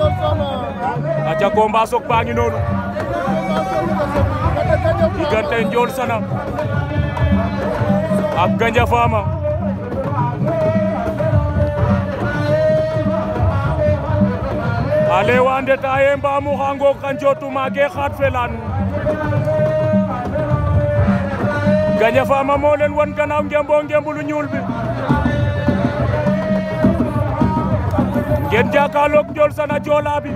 aca combat Sokh baa ngi noonu diggante Ndiol Sana ak Gandia Fama ale wa ndeta ye mbamu xango xan jotuma ge xat felan Gandia Fama moo leen wan gannaaw ngembo ngembulu bi ngeen jàkkaarloog Ndiol Sana Joola bi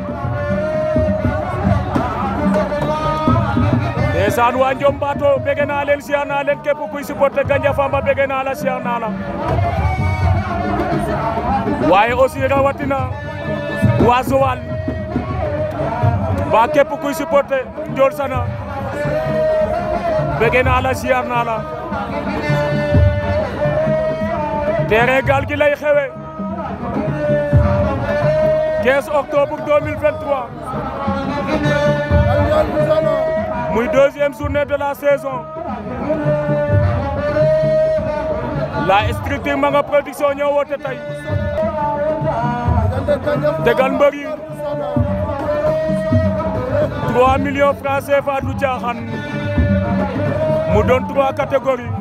ndeysaan waa Njom Baato bëgg naa leen siyaar naa leen képp kuy supporter Gandia Famba bëgg naa la siyaar naa la waaye aussi rawatina waa Joal ba képp kuy supporter Ndiol Sana bëgg naa la siyaar naa la terrain Gaal gi lay xewe 15 octobre 2023 le deuxième journée de la saison la structure ma Production ñoo woote tey de mbër yi 3 millions français CFA du caaxaan mu donne trois catégories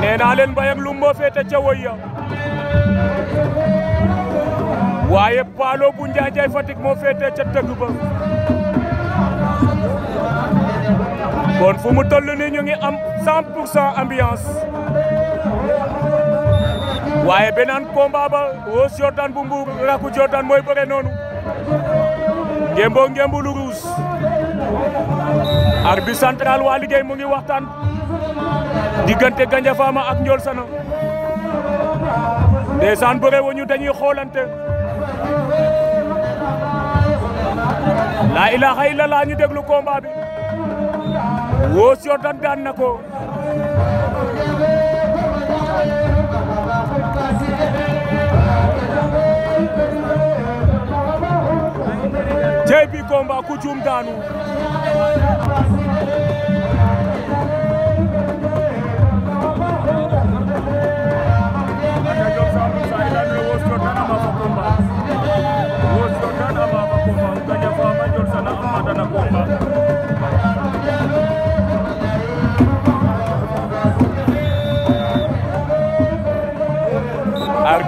nee naa faire Mbayang Loum de féete waye palo bu Njaajay fatik mo fete ca teug ba kon fu mu toll ni ñu ngi am 100 ambiance waye benen combat ba o Jordan bu Mbour Raku Jordan moy bëre nonu gembo gembu lu ruus arbitre central waa liggéey mu ngi waxtan diggante ganja Fama ak Ndiol Sana ndeysaan bëre wuñu dañuy xoolante laa ilaha illallah ñu déglu combat bi Wos na ko cey bi combat daanu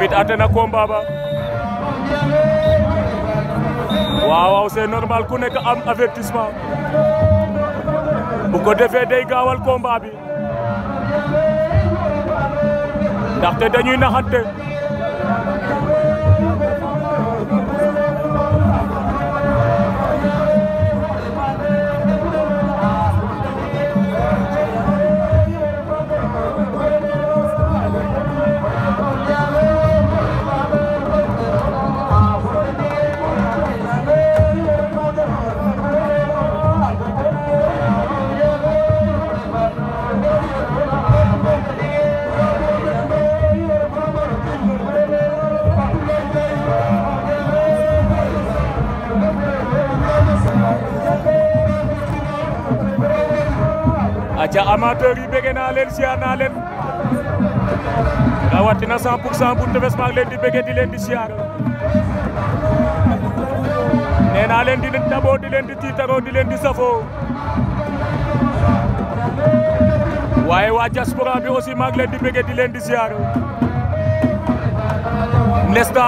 arbitre ate na combat ba waaw waaw normal ku nekk am avertissement bu ko defee day gaawal combat bi ndaxte dañuy naxante aca amateur yi bëgg naa leen siyaar naa leen rawatina 100 pour cent bu tefes maa ngi leen di bëgg di leen di siyaar nee naa leen di daboo di leen di tiitaroo di leen di safoo waaye waa diaspora bi aussi maa ngi leen di bëgg di leen di siyaar Nesta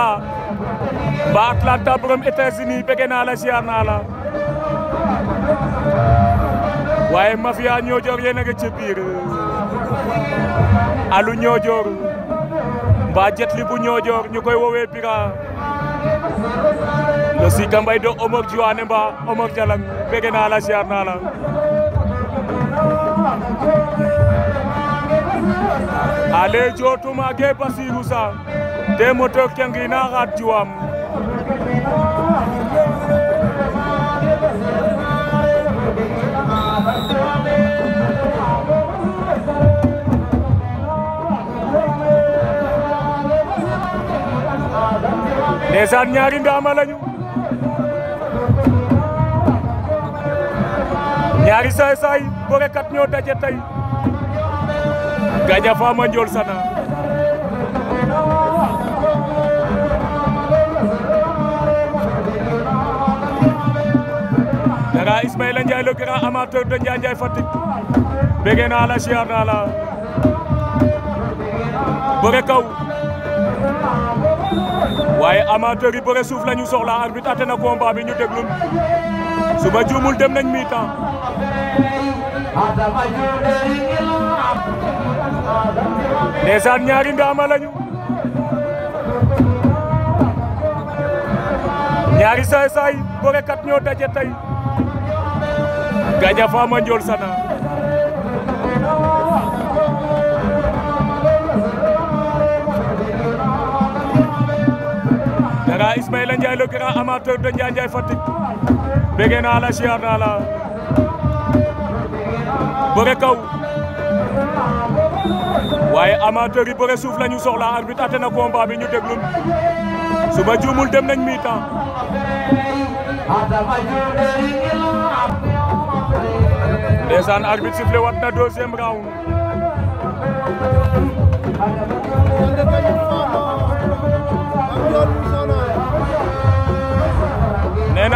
ba Atlanta borom États-Unis bëgg naa la siyaar naa la waaye mafia ñoojoor yéen a nga ci biir alu ñoojoor mbaa jetli bu ñoojoor ñu koy woowee bira le si kambay do Omar Diouane mbaa Omar Jalang bege naa la siyaar naa la ale jootuma ge Basiru sa te moto kengi naa xaat juwaam ndeysaan ñaari ndaama lañu ñaari saay-saay bërekat ñoo daje tey Gandia Fama Ndiol Sana dara Ismaïla Ndiaye le grand amateur de Ndiaye Ndiaye Fatick bégee naa la siyaar naa la bëre kaw waaye amateur yi suuf la ñu soxla arbitre atte na combat bi ñu déglum suba juumul dem nañ mi-temps ñaari ndaama lañu ñaari saay saay bërekat ñoo daje tey Gandia Fama Ndiol Sana Ismaïla Ndiaye le grand amateur de Ndiaye Ndiaye Fatick bégee naa la siyaar naa la bëre kaw waaye amateur yi suuf la ñu soxla arbitre atte na combat bi ñu déglul su juumul dem nañ mi-temps ndeysaan arbitre sifflé wat na deuxième round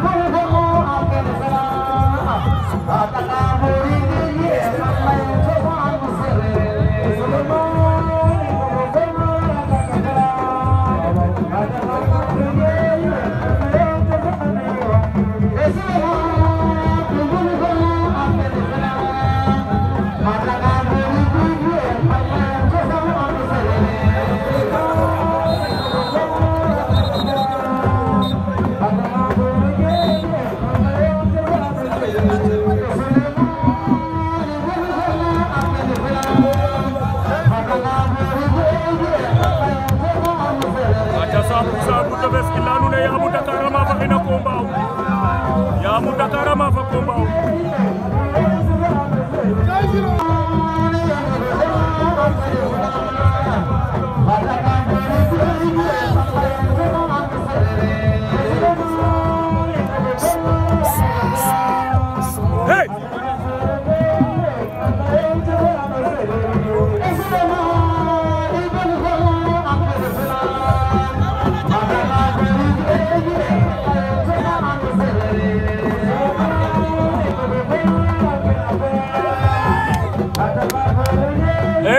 सु takarama va kombao Thank you.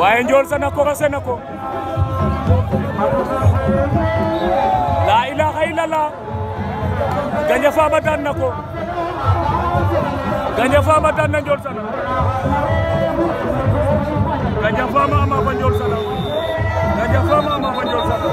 waaye njool sa na ko rase na ko laa ilaaha illallah Gandia Fama daan na ko Gandia daan na njool sana Gandia